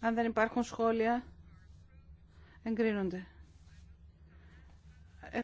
Αν δεν υπάρχουν σχόλια, εγκρίνονται.